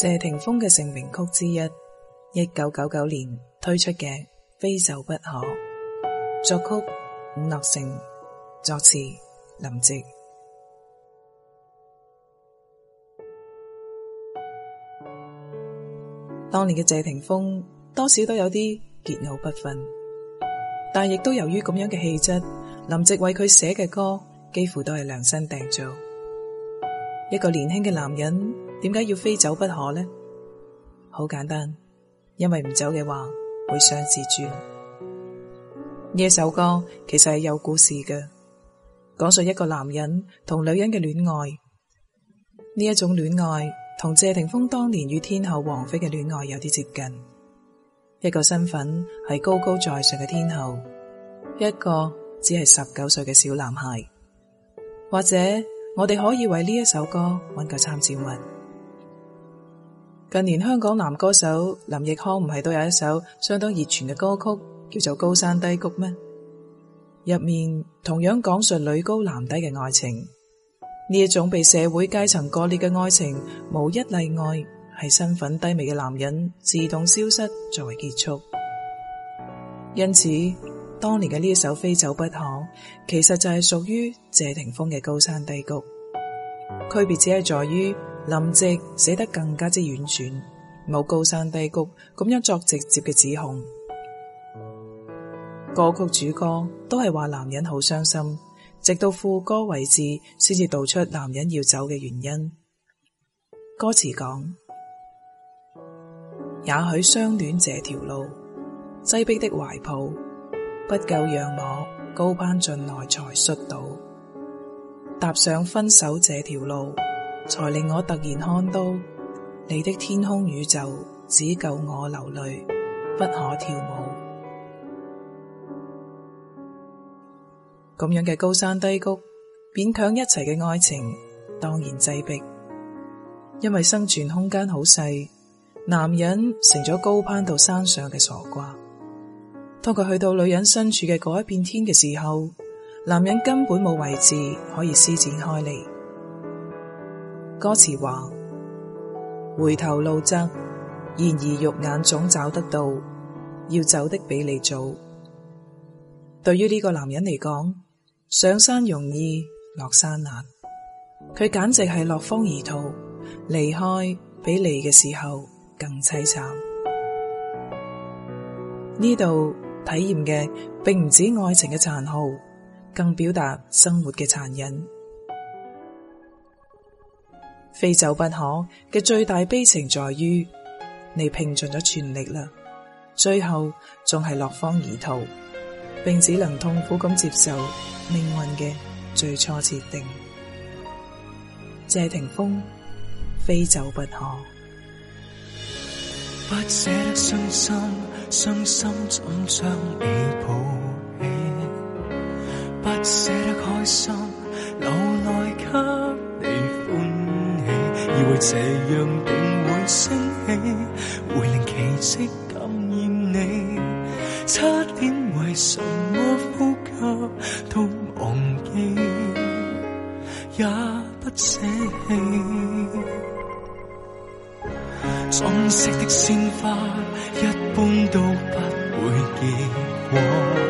謝霆鋒嘅成名曲之一，一九九九年推出嘅《非走不可》，作曲伍樂城，作詞林夕。當年嘅謝霆鋒多少都有啲桀驁不馴，但亦都由於咁樣嘅氣質，林夕為佢寫嘅歌幾乎都係量身訂造。一個年輕嘅男人。點解要非走不可呢？好簡單，因為唔走嘅話會傷自尊。呢一首歌其實係有故事嘅，講述一個男人同女人嘅戀愛。呢一種戀愛同謝霆鋒當年與天后王菲嘅戀愛有啲接近。一個身份係高高在上嘅天后，一個只係十九歲嘅小男孩。或者我哋可以為呢一首歌搵個參照物。近年香港男歌手林奕匡唔係都有一首相當熱傳嘅歌曲，叫做《高山低谷》咩？入面同樣講述女高男低嘅愛情，呢一種被社會階層割裂嘅愛情，無一例外係身份低微嘅男人自動消失作為結束。因此，當年嘅呢一首《非走不可》，其實就係屬於謝霆鋒嘅《高山低谷》。區別只係在於林夕寫得更加之婉轉，冇高山低谷咁樣作直接嘅指控。歌曲主歌都係話男人好傷心，直到副歌位置先至道出男人要走嘅原因。歌詞講，也許相戀這條路擠逼的懷抱，不夠讓我高攀進來才摔倒。踏上分手這條路，才令我突然看到你的天空宇宙，只夠我流淚，不可跳舞。咁樣嘅高山低谷，勉強一齊嘅愛情，當然擠迫，因為生存空間好細。男人成咗高攀到山上嘅傻瓜，當佢去到女人身處嘅嗰一片天嘅時候。男人根本冇位置可以施展開嚟。歌詞話：回頭路窄，然而肉眼總找得到要走的比你早。對於呢個男人嚟講，上山容易，落山難。佢簡直係落荒而逃，離開比嚟嘅時候更淒慘。呢度體驗嘅並唔止愛情嘅殘酷。更表達生活嘅殘忍，非走不可嘅最大悲情在於，你拼盡咗全力啦，最後仲係落荒而逃，並只能痛苦咁接受命運嘅最初設定。謝霆鋒，非走不可。不捨傷心，傷心怎將你抱？ 不捨得開心，留來給你歡喜，以為這樣定會升起，會令奇蹟感染你，差點為什麼呼吸都忘記，也不捨棄，裝飾的鮮花一般都不會結果。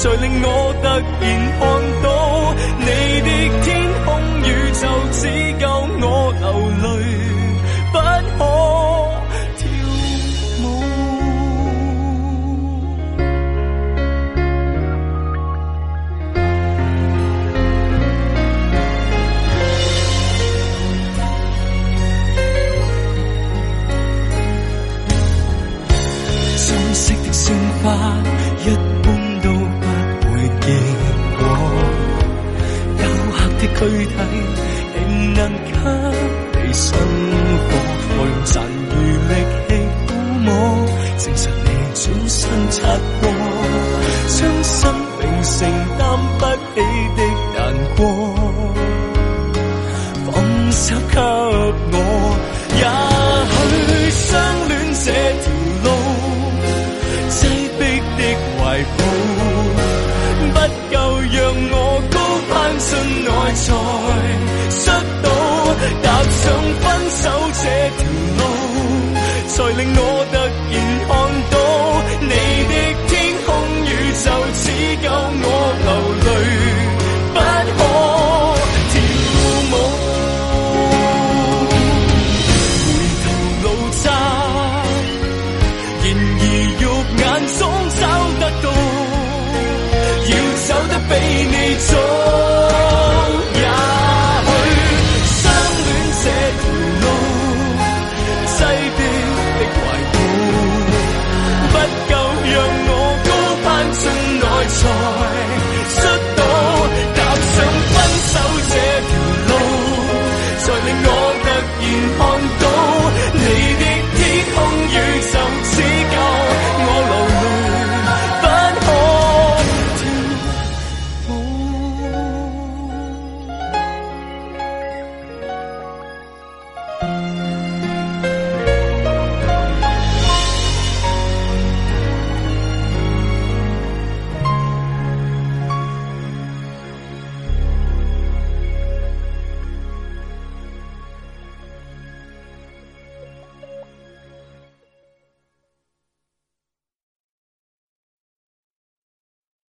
誰令我突然看到？軀體仍能給你生火，用殘餘力氣撫摸，證實你轉身擦過，將生命承擔。令我突然看到你的天空宇宙只夠我。